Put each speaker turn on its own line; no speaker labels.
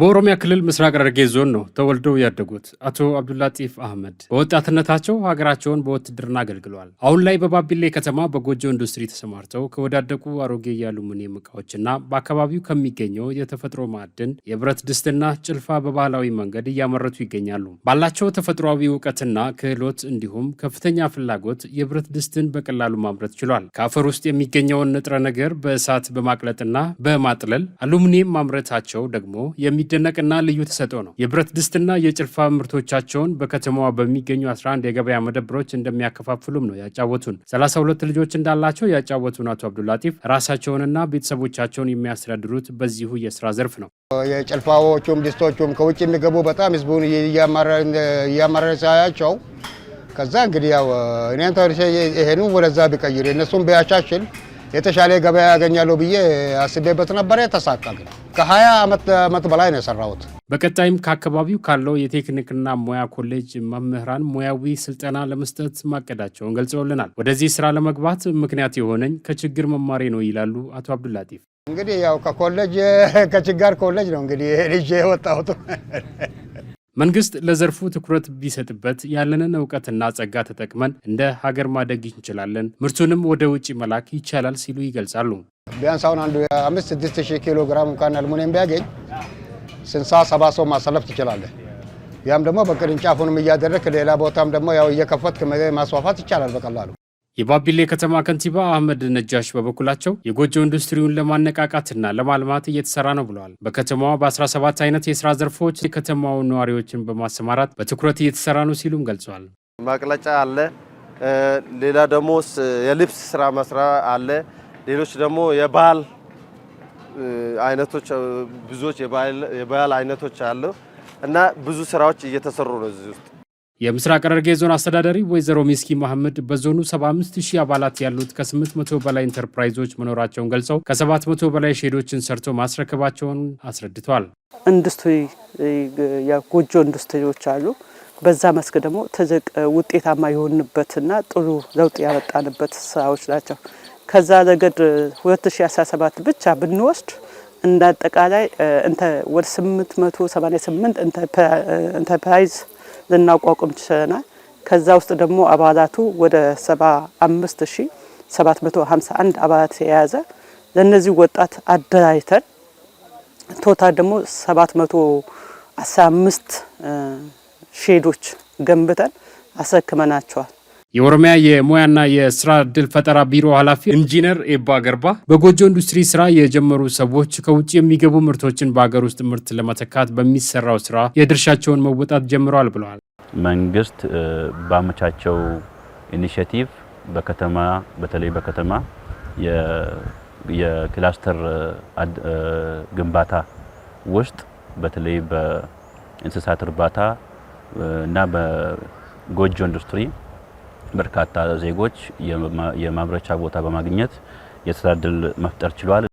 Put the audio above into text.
በኦሮሚያ ክልል ምስራቅ ሐረርጌ ዞን ነው ተወልደው ያደጉት አቶ አብዱላጢፍ አህመድ በወጣትነታቸው ሀገራቸውን በውትድርና አገልግለዋል። አሁን ላይ በባቢሌ ከተማ በጎጆ ኢንዱስትሪ ተሰማርተው ከወዳደቁ አሮጌ የአሉሚኒየም እቃዎችና በአካባቢው ከሚገኘው የተፈጥሮ ማዕድን የብረት ድስትና ጭልፋ በባህላዊ መንገድ እያመረቱ ይገኛሉ። ባላቸው ተፈጥሯዊ እውቀትና ክህሎት እንዲሁም ከፍተኛ ፍላጎት የብረት ድስትን በቀላሉ ማምረት ችሏል። ከአፈር ውስጥ የሚገኘውን ንጥረ ነገር በእሳት በማቅለጥና በማጥለል አሉሚኒየም ማምረታቸው ደግሞ የሚ የሚደነቅና ልዩ ተሰጥኦ ነው። የብረት ድስትና የጭልፋ ምርቶቻቸውን በከተማዋ በሚገኙ 11 የገበያ መደብሮች እንደሚያከፋፍሉም ነው ያጫወቱን። 32 ልጆች እንዳላቸው ያጫወቱን አቶ አብዱላጢፍ ራሳቸውንና ቤተሰቦቻቸውን የሚያስተዳድሩት በዚሁ የስራ ዘርፍ ነው።
የጭልፋዎቹም ድስቶቹም ከውጭ የሚገቡ በጣም ህዝቡን እያማረረ ሳያቸው ከዛ እንግዲህ ያው እኔም ተርሴ ይሄኑ ወደዛ ቢቀይር እነሱም ቢያሻሽል የተሻለ ገበያ ያገኛሉ ብዬ አስቤበት ነበረ። የተሳካ ግን ከ20 ዓመት በላይ ነው የሰራሁት።
በቀጣይም ከአካባቢው ካለው የቴክኒክና ሙያ ኮሌጅ መምህራን ሙያዊ ስልጠና ለመስጠት ማቀዳቸውን ገልጸውልናል። ወደዚህ ስራ ለመግባት ምክንያት የሆነኝ ከችግር መማሬ ነው ይላሉ አቶ አብዱላጢፍ።
እንግዲህ ያው ከኮሌጅ ከችጋር ኮሌጅ ነው እንግዲህ ልጅ የወጣሁት
መንግስት ለዘርፉ ትኩረት ቢሰጥበት ያለንን እውቀትና ጸጋ ተጠቅመን እንደ ሀገር ማደግ እንችላለን፣ ምርቱንም ወደ ውጭ መላክ ይቻላል ሲሉ ይገልጻሉ።
ቢያንስ አሁን አንዱ የአምስት ስድስት ሺህ ኪሎ ግራም እንኳን አልሙኒየም ቢያገኝ ስንሳ ሰባ ሰው ማሰለፍ ትችላለህ። ያም ደግሞ በቅርንጫፉንም እያደረግክ ሌላ ቦታም ደግሞ ያው እየከፈትክ ማስፋፋት ይቻላል በቀላሉ
የባቢሌ ከተማ ከንቲባ አህመድ ነጃሽ በበኩላቸው የጎጆ ኢንዱስትሪውን ለማነቃቃትና ለማልማት እየተሰራ ነው ብለዋል። በከተማዋ በ17 አይነት የስራ ዘርፎች የከተማውን ነዋሪዎችን በማሰማራት በትኩረት እየተሰራ ነው ሲሉም ገልጸዋል።
ማቅለጫ አለ፣ ሌላ ደግሞ የልብስ ስራ መስራ አለ፣ ሌሎች ደግሞ የባህል አይነቶች ብዙዎች የባህል አይነቶች አሉ እና ብዙ ስራዎች እየተሰሩ ነው እዚህ ውስጥ
የምስራቅ ሐረርጌ ዞን አስተዳዳሪ ወይዘሮ ሚስኪ መሐመድ በዞኑ 75000 አባላት ያሉት ከ800 በላይ ኢንተርፕራይዞች መኖራቸውን ገልጸው ከ700 በላይ ሼዶችን ሰርቶ ማስረከባቸውን አስረድተዋል።
ኢንዱስትሪ የጎጆ ኢንዱስትሪዎች አሉ። በዛ መስክ ደግሞ ትልቅ ውጤታማ የሆንበትና ጥሩ ለውጥ ያመጣንበት ስራዎች ናቸው። ከዛ ረገድ 2017 ብቻ ብንወስድ እንደ አጠቃላይ ወደ 888 ኢንተርፕራይዝ ልናቋቁም ችለናል። ከዛ ውስጥ ደግሞ አባላቱ ወደ 75751 አባላት የያዘ ለእነዚህ ወጣት አደራጅተን ቶታል ደግሞ 715 ሼዶች ገንብተን አስረክመናቸዋል።
የኦሮሚያ የሙያና የስራ እድል ፈጠራ ቢሮ ኃላፊ ኢንጂነር ኤባ ገርባ በጎጆ ኢንዱስትሪ ስራ የጀመሩ ሰዎች ከውጭ የሚገቡ ምርቶችን በሀገር ውስጥ ምርት ለመተካት በሚሰራው ስራ የድርሻቸውን መወጣት ጀምረዋል ብለዋል።
መንግስት ባመቻቸው ኢኒሽቲቭ በከተማ በተለይ በከተማ የክላስተር ግንባታ ውስጥ በተለይ በእንስሳት እርባታ እና በጎጆ ኢንዱስትሪ በርካታ ዜጎች የማምረቻ ቦታ በማግኘት የስራ እድል መፍጠር ችሏል።